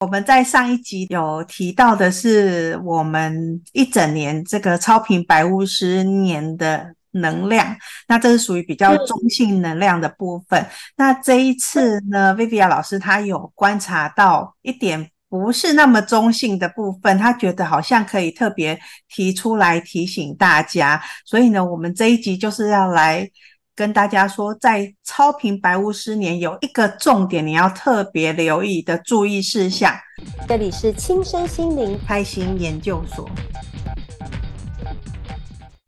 我們在上一集有提到的是，我們一整年這個超頻白巫師年的能量，那這是屬於比較中性能量的部分。嗯、那這一次呢，Viviya 老師她有觀察到一點不是那麼中性的部分，她覺得好像可以特別提出來提醒大家。所以呢，我們這一集就是要來。跟大家說，在超頻白巫師年有一個重點，你要特別留意的注意事項。這裡是輕身心靈開心言究所。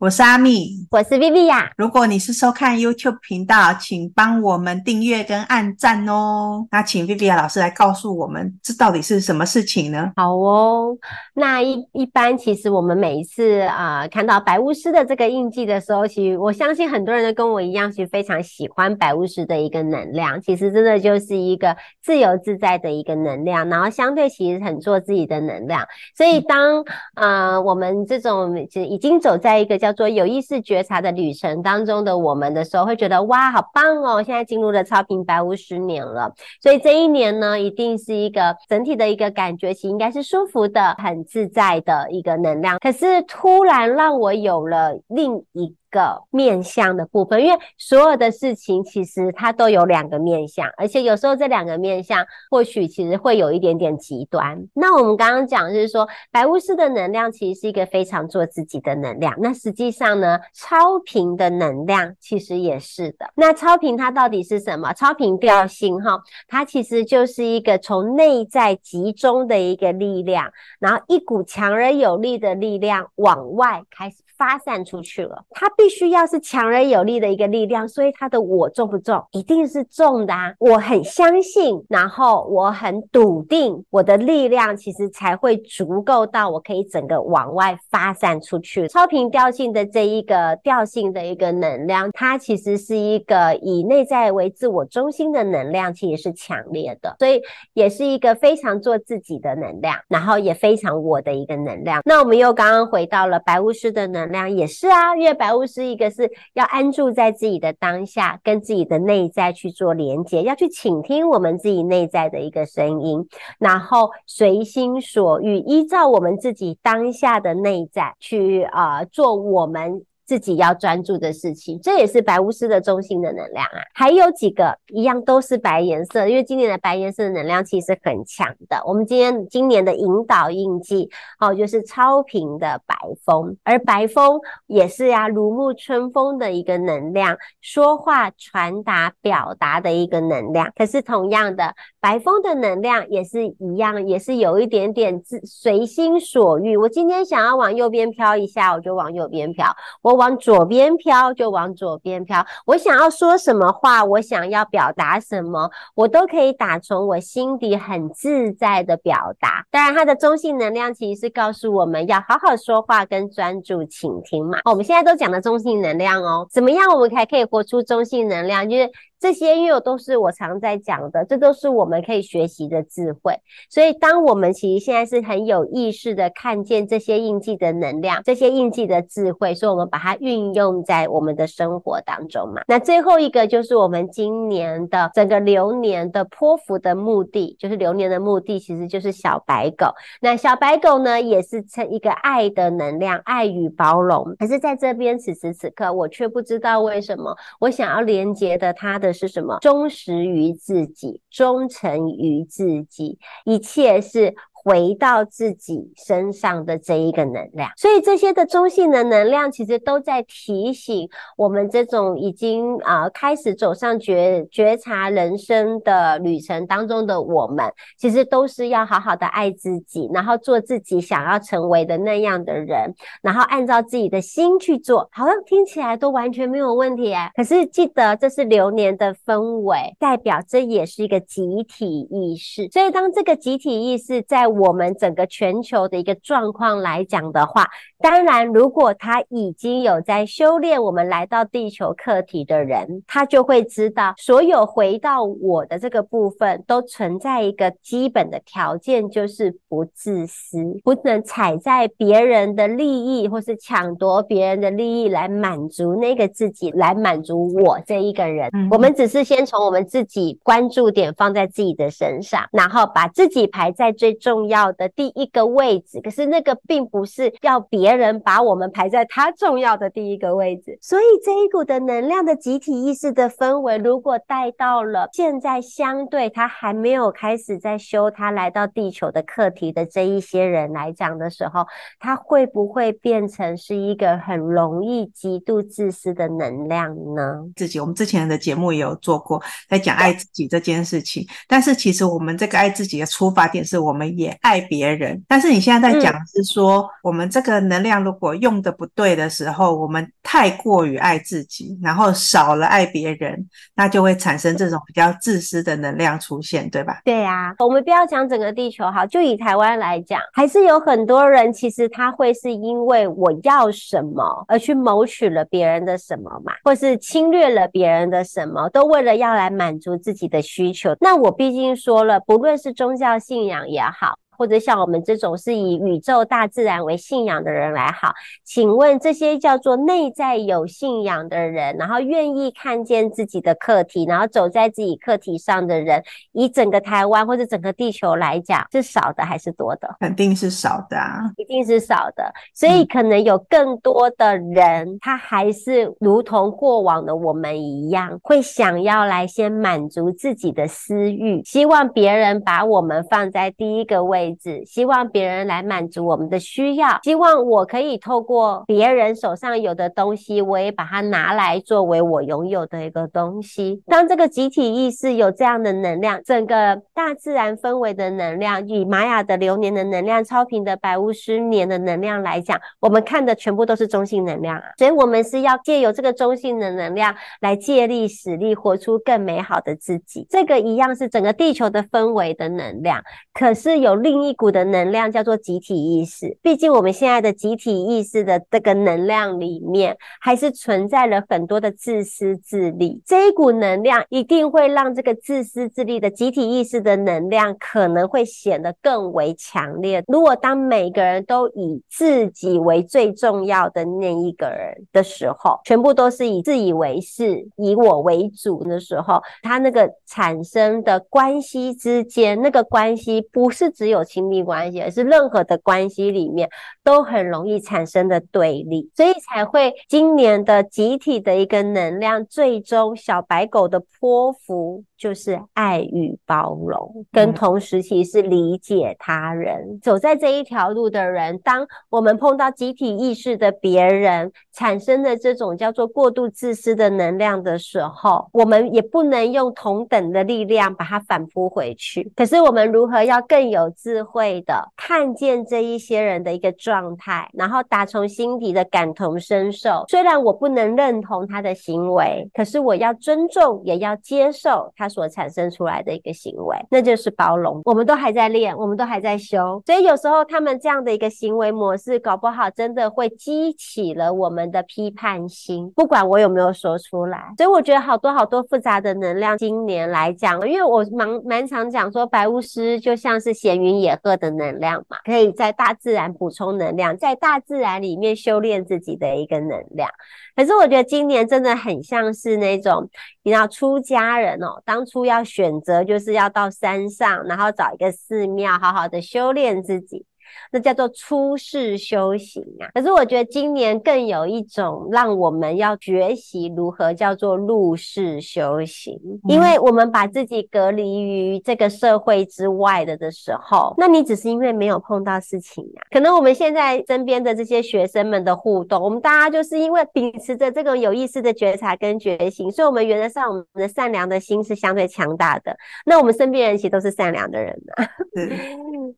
我是阿米，我是 Viviya。如果你是收看 YouTube 頻道，請幫我們訂閱跟按讚哦。那請 Viviya 老師來告訴我們，這到底是什麼事情呢？好哦，那一一般其實我們每一次啊、呃，看到白巫師的這個印記的時候，其實我相信很多人都跟我一樣，是非常喜歡白巫師的一個能量。其實真的就是一個自由自在的一個能量，然後相對其實很做自己的能量。所以當啊、嗯呃，我們這種已經走在一個叫做有意識覺察的旅程當中的我們的時候，會覺得哇，好棒哦！現在進入了超頻白巫師年了，所以這一年呢，一定是一個整體的一個感覺，其實應該是舒服的、很自在的一個能量。可是突然讓我有了另一個個面向的部分，因為所有的事情其實它都有兩個面向，而且有時候這兩個面向或許其實會有一點點極端。那我們剛剛講就是說，白巫師的能量其實是一個非常做自己的能量。那實際上呢，超頻的能量其實也是的。那超頻它到底是什麼？超頻調性哈，它其實就是一個從內在集中的一個力量，然後一股強而有力的力量往外開始，發散出去了，它必須要是強而有力的一個力量，所以它的我重不重，一定是重的啊！我很相信，然後我很篤定，我的力量其實才會足夠到我可以整個往外發散出去。超頻調性的這一個調性的一個能量，它其實是一個以內在為自我中心的能量，其實是強烈的，所以也是一個非常做自己的能量，然後也非常我的一個能量。那我們又剛剛回到了白巫師的能量。那也是啊，因為白巫師一個是要安住在自己的當下，跟自己的內在去做連接，要去傾聽我們自己內在的一個聲音，然後隨心所欲，依照我們自己當下的內在去啊，呃，做我們自己要專注的事情，這也是白巫師的中心的能量啊。還有幾個一樣都是白顏色，因為今年的白顏色的能量其實很強的。我們今天今年的引導印記哦，就是超頻的白風，而白風也是呀、啊，如沐春風的一個能量，說話傳達表達的一個能量。可是同樣的，白風的能量也是一樣，也是有一點點自隨心所欲。我今天想要往右邊飄一下，我就往右邊飄。我。往左邊飄，就往左邊飄，我想要說什麼話，我想要表達什麼，我都可以打從我心底很自在的表達。當然，它的中性能量其實是告訴我們要好好說話跟專注傾聽嘛。我們現在都講的中性能量哦，怎麼樣，我們才可以活出中性能量，就是。這些，因為我都是我常在講的，這都是我們可以學習的智慧。所以，當我們其實現在是很有意識的看見這些印記的能量，這些印記的智慧，所以我們把它運用在我們的生活當中嘛。那最後一個就是我們今年的整個流年的波符的目的，就是流年的目的其實就是小白狗。那小白狗呢，也是稱一個愛的能量，愛與包容。可是在這邊，此時此刻，我卻不知道為什麼我想要連接的它的。是什麼？忠實於自己，忠誠於自己，一切是，回到自己身上的這一個能量，所以這些的中性的能量其實都在提醒我們，這種已經啊、呃、開始走上覺覺察人生的旅程當中的我們，其實都是要好好的愛自己，然後做自己想要成為的那樣的人，然後按照自己的心去做，好像聽起來都完全沒有問題哎、欸。可是記得這是流年的氛圍，代表這也是一個集體意識，所以當這個集體意識在。我們整個全球的一個狀況來講的話，當然，如果他已經有在修煉，我們來到地球課題的人，他就會知道，所有回到我的這個部分，都存在一個基本的條件，就是不自私，不能踩在別人的利益，或是搶奪別人的利益來滿足那個自己，來滿足我這一個人。我們只是先從我們自己關注點放在自己的身上，然後把自己排在最重。重要的第一個位置，可是那個並不是要別人把我們排在他重要的第一個位置。所以這一股的能量的集體意識的氛圍，如果帶到了現在，相對他還沒有開始在修他來到地球的課題的這一些人來講的時候，他會不會變成是一個很容易極度自私的能量呢？自己，我們之前的節目也有做過，在講愛自己這件事情。但是其實我們這個愛自己的出發點是我們也愛別人，但是你現在在講是說，嗯、我們這個能量如果用得不對的時候，我們太過於愛自己，然後少了愛別人，那就會產生這種比較自私的能量出現，對吧？對呀、啊，我們不要講整個地球好，就以台灣來講，還是有很多人其實他會是因為我要什麼而去謀取了別人的什麼嘛，或是侵略了別人的什麼，都為了要來滿足自己的需求。那我畢竟說了，不論是宗教信仰也好，或者像我們這種是以宇宙大自然為信仰的人來好，請問這些叫做內在有信仰的人，然後願意看見自己的課題，然後走在自己課題上的人，以整個台灣或者整個地球來講，是少的還是多的？肯定是少的啊，一定是少的。所以可能有更多的人，嗯，他還是如同過往的我們一樣，會想要來先滿足自己的私欲，希望別人把我們放在第一個位置。希望別人來滿足我們的需要，希望我可以透過別人手上有的東西，我也把它拿來作為我擁有的一個東西。當這個集體意識有這樣的能量，整個大自然氛圍的能量，以瑪雅的流年的能量，超頻的白巫師年的能量來講，我們看的全部都是中性能量啊。所以，我們是要借由這個中性的能量來借力使力，活出更美好的自己。這個一樣是整個地球的氛圍的能量，可是有另一股的能量叫做集體意識。畢竟我們現在的集體意識的這個能量裡面，還是存在了很多的自私自利。這一股能量一定會讓這個自私自利的集體意識的能量，可能會顯得更為強烈。如果當每個人都以自己為最重要的那一個人的時候，全部都是以自以為是、以我為主的時候，他那個產生的關係之間，那個關係不是只有親密關係，而是任何的關係裡面都很容易產生的對立，所以才會今年的集體的一個能量，最終小白狗的波符。就是愛與包容，跟同時其實是理解他人，嗯、走在這一條路的人，當我們碰到集體意識的別人產生的這種叫做過度自私的能量的時候，我們也不能用同等的力量把它反撲回去。可是我們如何要更有智慧的看見這一些人的一個狀態，然後打從心底的感同身受。雖然我不能認同他的行為，可是我要尊重，也要接受他。所產生出來的一個行為，那就是包容。我們都還在練，我們都還在修，所以有時候他們這樣的一個行為模式，搞不好真的會激起了我們的批判心，不管我有沒有說出來。所以我覺得好多好多複雜的能量，今年來講，因為我蠻蠻常講說，白巫師就像是閒雲野鶴的能量嘛，可以在大自然補充能量，在大自然裡面修煉自己的一個能量。可是我覺得今年真的很像是那種你知道出家人哦，當當初要選擇，就是要到山上，然後找一個寺廟，好好的修煉自己。那叫做出世修行啊，可是我覺得今年更有一種讓我們要學習如何叫做入世修行，嗯、因為我們把自己隔離於這個社會之外的的時候，那你只是因為沒有碰到事情啊。可能我們現在身邊的這些學生們的互動，我們大家就是因為秉持着這種有意思的覺察跟覺醒，所以我們原則上我們的善良的心是相對強大的。那我們身邊人其實都是善良的人啊，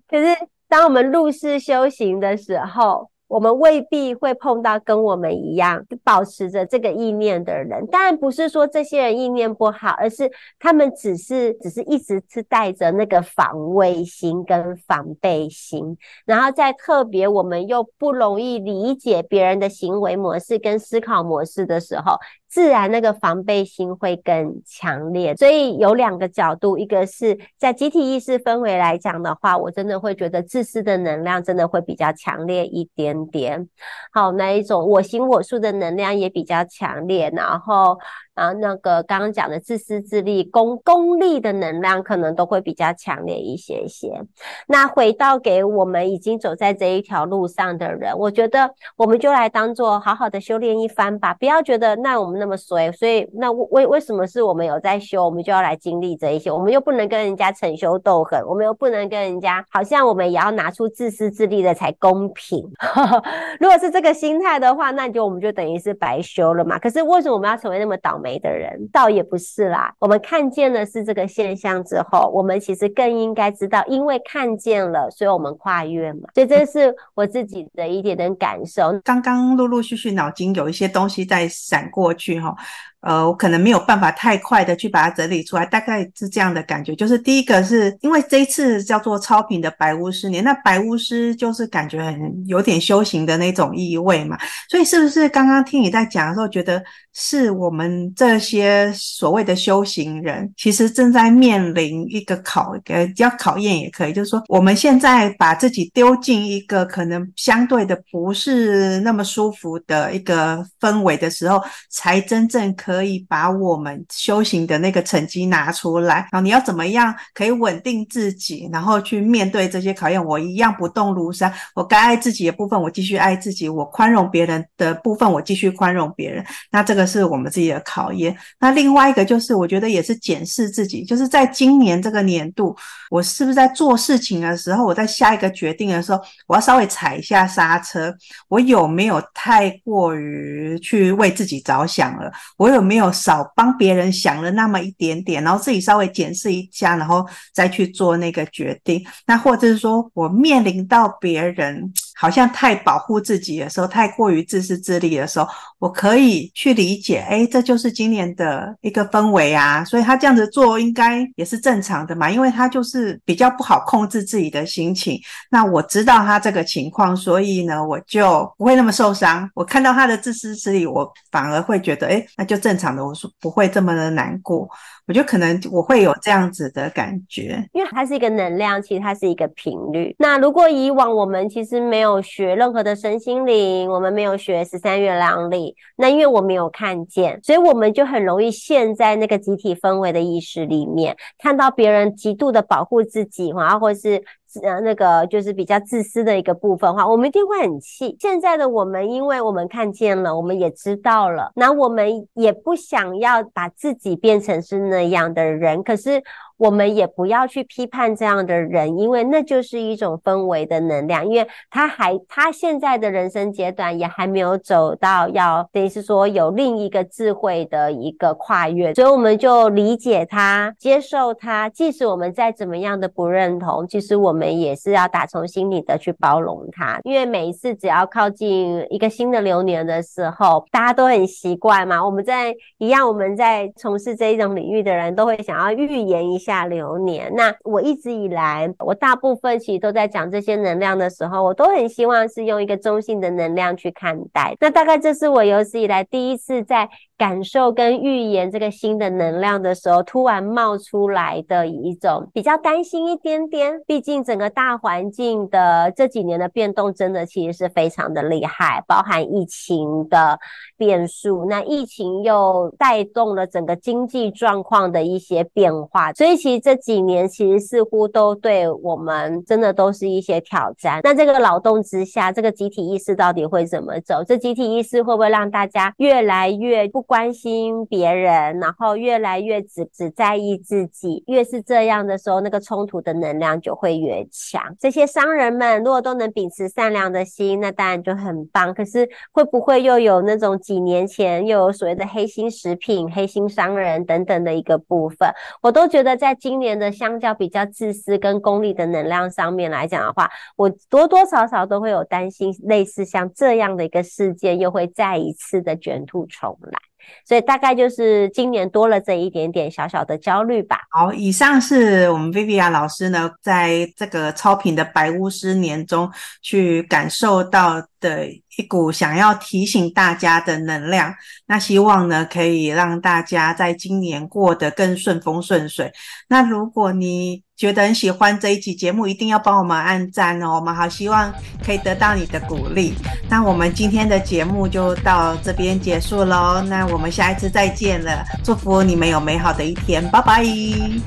可是。 就是當我們入世修行的時候，我們未必會碰到跟我們一樣保持着這個意念的人。當然不是說這些人意念不好，而是他們只是只是一直是帶着那個防衛心跟防備心。然後在特別我們又不容易理解別人的行為模式跟思考模式的時候。自然那個防備心會更強烈，所以有兩個角度，一個是在集體意識氛圍來講的話，我真的會覺得自私的能量真的會比較強烈一點點。好，那一種我行我素的能量也比較強烈，然後。啊，那個剛剛講的自私自利，功功利的能量，可能都會比較強烈一些些。那回到給我們已經走在這一條路上的人，我覺得我們就來當做好好的修煉一番吧，不要覺得那我們那麼衰。所以那為為什麼是我們有在修，我們就要來經歷這一些？我們又不能跟人家逞凶鬥狠，我們又不能跟人家好像我們也要拿出自私自利的才公平。 如果是這個心態的話，那你就我們就等於是白修了嘛。可是為什麼我們要成為那麼倒？沒的人，倒也不是啦。我們看見了是這個現象之後，我們其實更應該知道，因為看見了，所以我們跨越嘛。所以，這是我自己的一點點感受。剛剛陸陸續續，腦筋有一些東西在閃過去，哈、哦。呃，我可能沒有辦法太快的去把它整理出來，大概是這樣的感覺。就是第一個是因為這一次叫做超頻的白巫師年，那白巫師就是感覺很，有點修行的那種意味嘛。所以是不是剛剛聽你在講的時候，覺得是我們這些所謂的修行人，其實正在面臨一個考，呃，叫考驗也可以，就是說我們現在把自己丟進一個可能相對的不是那麼舒服的一個氛圍的時候，才真正可可以把我們修行的那個成績拿出來，然後你要怎麼樣可以穩定自己，然後去面對這些考驗。我一樣不動如山。我該愛自己的部分，我繼續愛自己；我寬容別人的部分，我繼續寬容別人。那這個是我們自己的考驗。那另外一個就是，我覺得也是檢視自己，就是在今年這個年度，我是不是在做事情的時候，我在下一個決定的時候，我要稍微踩一下剎車。我有沒有太過於去為自己着想了？我有。沒有少幫別人想了那麼一點點，然後自己稍微檢視一下，然後再去做那個決定。那或者是說我面臨到別人。好像太保護自己的時候，太過於自私自利的時候，我可以去理解，誒、欸，這就是今年的一個氛圍啊，所以他這樣子做應該也是正常的嘛，因為他就是比較不好控制自己的心情。那我知道他這個情況，所以呢，我就不會那麼受傷。我看到他的自私自利，我反而會覺得，誒、欸，那就正常的，我說不會這麼的難過。我覺得可能我會有這樣子的感覺，因為它是一個能量，其實它是一個頻率。那如果以往我們其實沒有學任何的身心靈，我們沒有學十三月亮曆，那因為我沒有看見，所以我們就很容易陷在那個集體氛圍的意識裡面，看到別人極度的保護自己，然後或者是。呃，那個就是比較自私的一個部分的話，我們一定會很氣。現在的我們，因為我們看見了，我們也知道了，那我們也不想要把自己變成是那樣的人。可是，我們也不要去批判這樣的人，因為那就是一種氛圍的能量。因為他還他現在的人生階段也還沒有走到要，等於是說有另一個智慧的一個跨越。所以我們就理解他，接受他。即使我們再怎麼樣的不認同，其實我們也是要打從心裡的去包容他。因為每一次只要靠近一個新的流年的時候，大家都很習慣嘛。我們在一樣，我們在從事這一種領域的人都會想要預言一下。大流年，那我一直以來，我大部分其實都在講這些能量的時候，我都很希望是用一個中性的能量去看待。那大概這是我有史以來第一次在感受跟預言這個新的能量的時候，突然冒出來的一種比較擔心一點點。畢竟整個大環境的這幾年的變動，真的其實是非常的厲害，包含疫情的變數，那疫情又帶動了整個經濟狀況的一些變化，所以。其實這幾年其實似乎都對我們真的都是一些挑戰。那這個勞動之下，這個集體意識到底會怎麼走？這集體意識會不會讓大家越來越不關心別人，然後越來越只只在意自己？越是這樣的時候，那個衝突的能量就會越強。這些商人們如果都能秉持善良的心，那當然就很棒。可是會不會又有那種幾年前又有所謂的黑心食品、黑心商人等等的一個部分？我都覺得。在今年的相較比較自私跟功利的能量上面來講的話，我多多少少都會有擔心，類似像這樣的一個事件又會再一次的捲土重來。所以大概就是今年多了這一點點小小的焦慮吧。好，以上是我們 Viviya 老師呢，在這個超頻的白巫師年中去感受到的一股想要提醒大家的能量。那希望呢，可以讓大家在今年過得更順風順水。那如果你覺得很喜歡這一期節目，一定要幫我們按讚哦！我們好希望可以得到你的鼓勵。那我們今天的節目就到這邊結束嘍。那我們下一次再見了，祝福你們有美好的一天，拜拜，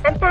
拜拜。